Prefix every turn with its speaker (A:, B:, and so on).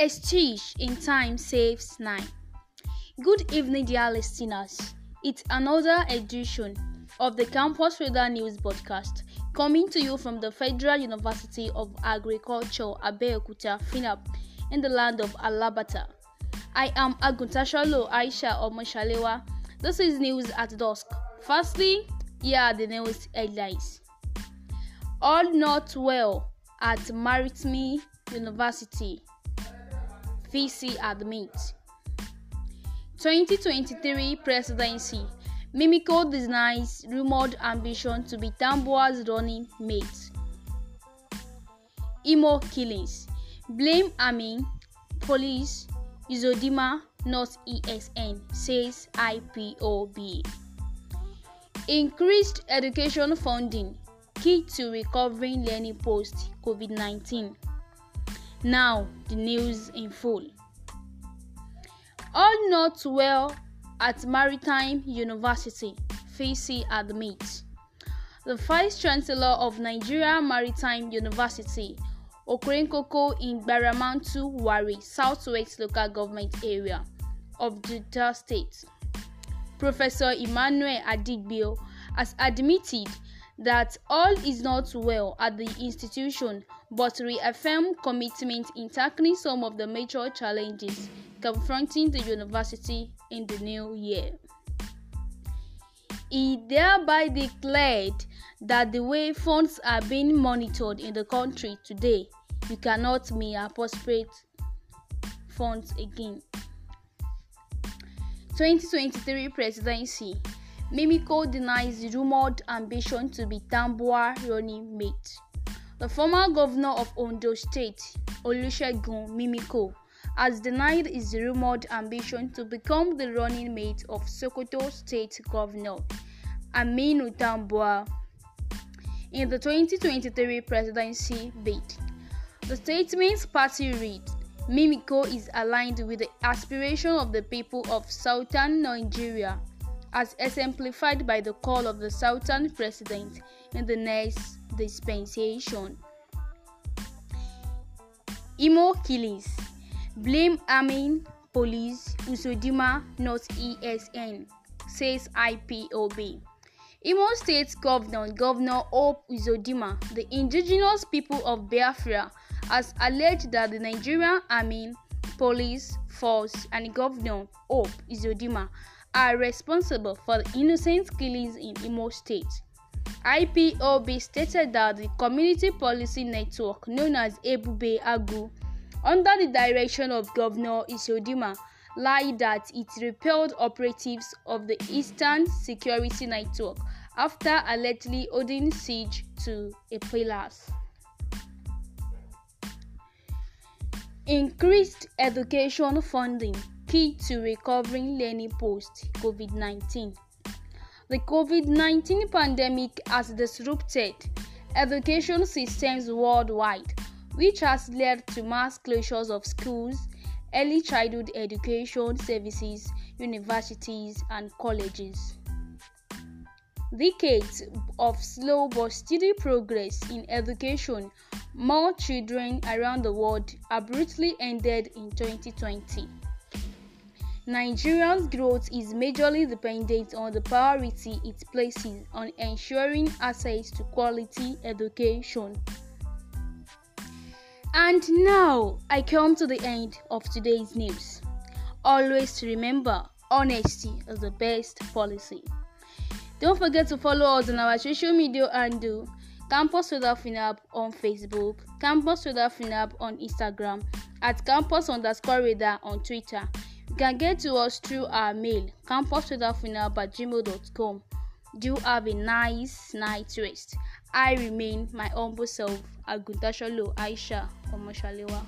A: A stitch in time saves nine. Good evening, dear listeners. It's another edition of the Campus Radar News broadcast coming to you from the Federal University of Agriculture, Abeokuta, FINAP, in the land of Alabata. I am Aguntashalo Aisha Omoshalewa. This is news at dusk. Firstly, here are the news headlines. All not well at Maritime University. VC admits. 2023 presidency Mimiko denies rumored ambition to be Tambua's running mate. Imo killings blame Amin, police, Izodima, not ESN, says IPOB. Increased education funding key to recovering learning post COVID 19. Now, the news in full. All not well at Maritime University, FESI admits. The Vice Chancellor of Nigeria Maritime University, Okrenkoko in Baramantu Wari, Southwest Local Government Area of Delta State, Professor Emmanuel Adigbio, has admitted that all is not well at the institution but reaffirm commitment in tackling some of the major challenges confronting the university in the new year. He thereby declared that the way funds are being monitored in the country today, you cannot misappropriate funds again. 2023 presidency Mimiko denies rumored ambition to be Tambua running mate. The former governor of Ondo State, Olusegun Mimiko, has denied his rumored ambition to become the running mate of Sokoto State Governor Aminu Tambua in the 2023 presidency bid. The statement's party read, Mimiko is aligned with the aspiration of the people of southern Nigeria as exemplified by the call of the Sultan President in the next dispensation. Imo killings blame Amin Police Usodima not ESN says IPOB. Imo State Governor Governor Hope Uzodima, the indigenous people of Biafra, has alleged that the Nigerian Army, police force, and Governor Hope Uzodima are responsible for the innocent killings in Imo State. IPOB stated that the community policy network known as Ebube Agu, under the direction of Governor Isodima, lied that it repelled operatives of the Eastern Security Network after allegedly holding siege to a palace. Increased education funding. Key to recovering learning post COVID 19. The COVID 19 pandemic has disrupted education systems worldwide, which has led to mass closures of schools, early childhood education services, universities, and colleges. Decades of slow but steady progress in education, more children around the world abruptly ended in 2020. Nigeria's growth is majorly dependent on the priority it places on ensuring access to quality education. And now I come to the end of today's news. Always remember honesty is the best policy. Don't forget to follow us on our social media and do Campus Radar Finab on Facebook, Campus Radar Finab on Instagram, at Campus underscore Radar on Twitter. can get to us through our mail campusradiofinal@gmail.com. Do have a nice night rest. I remain my humble self, Aguntasholo Aisha Omoshalewa.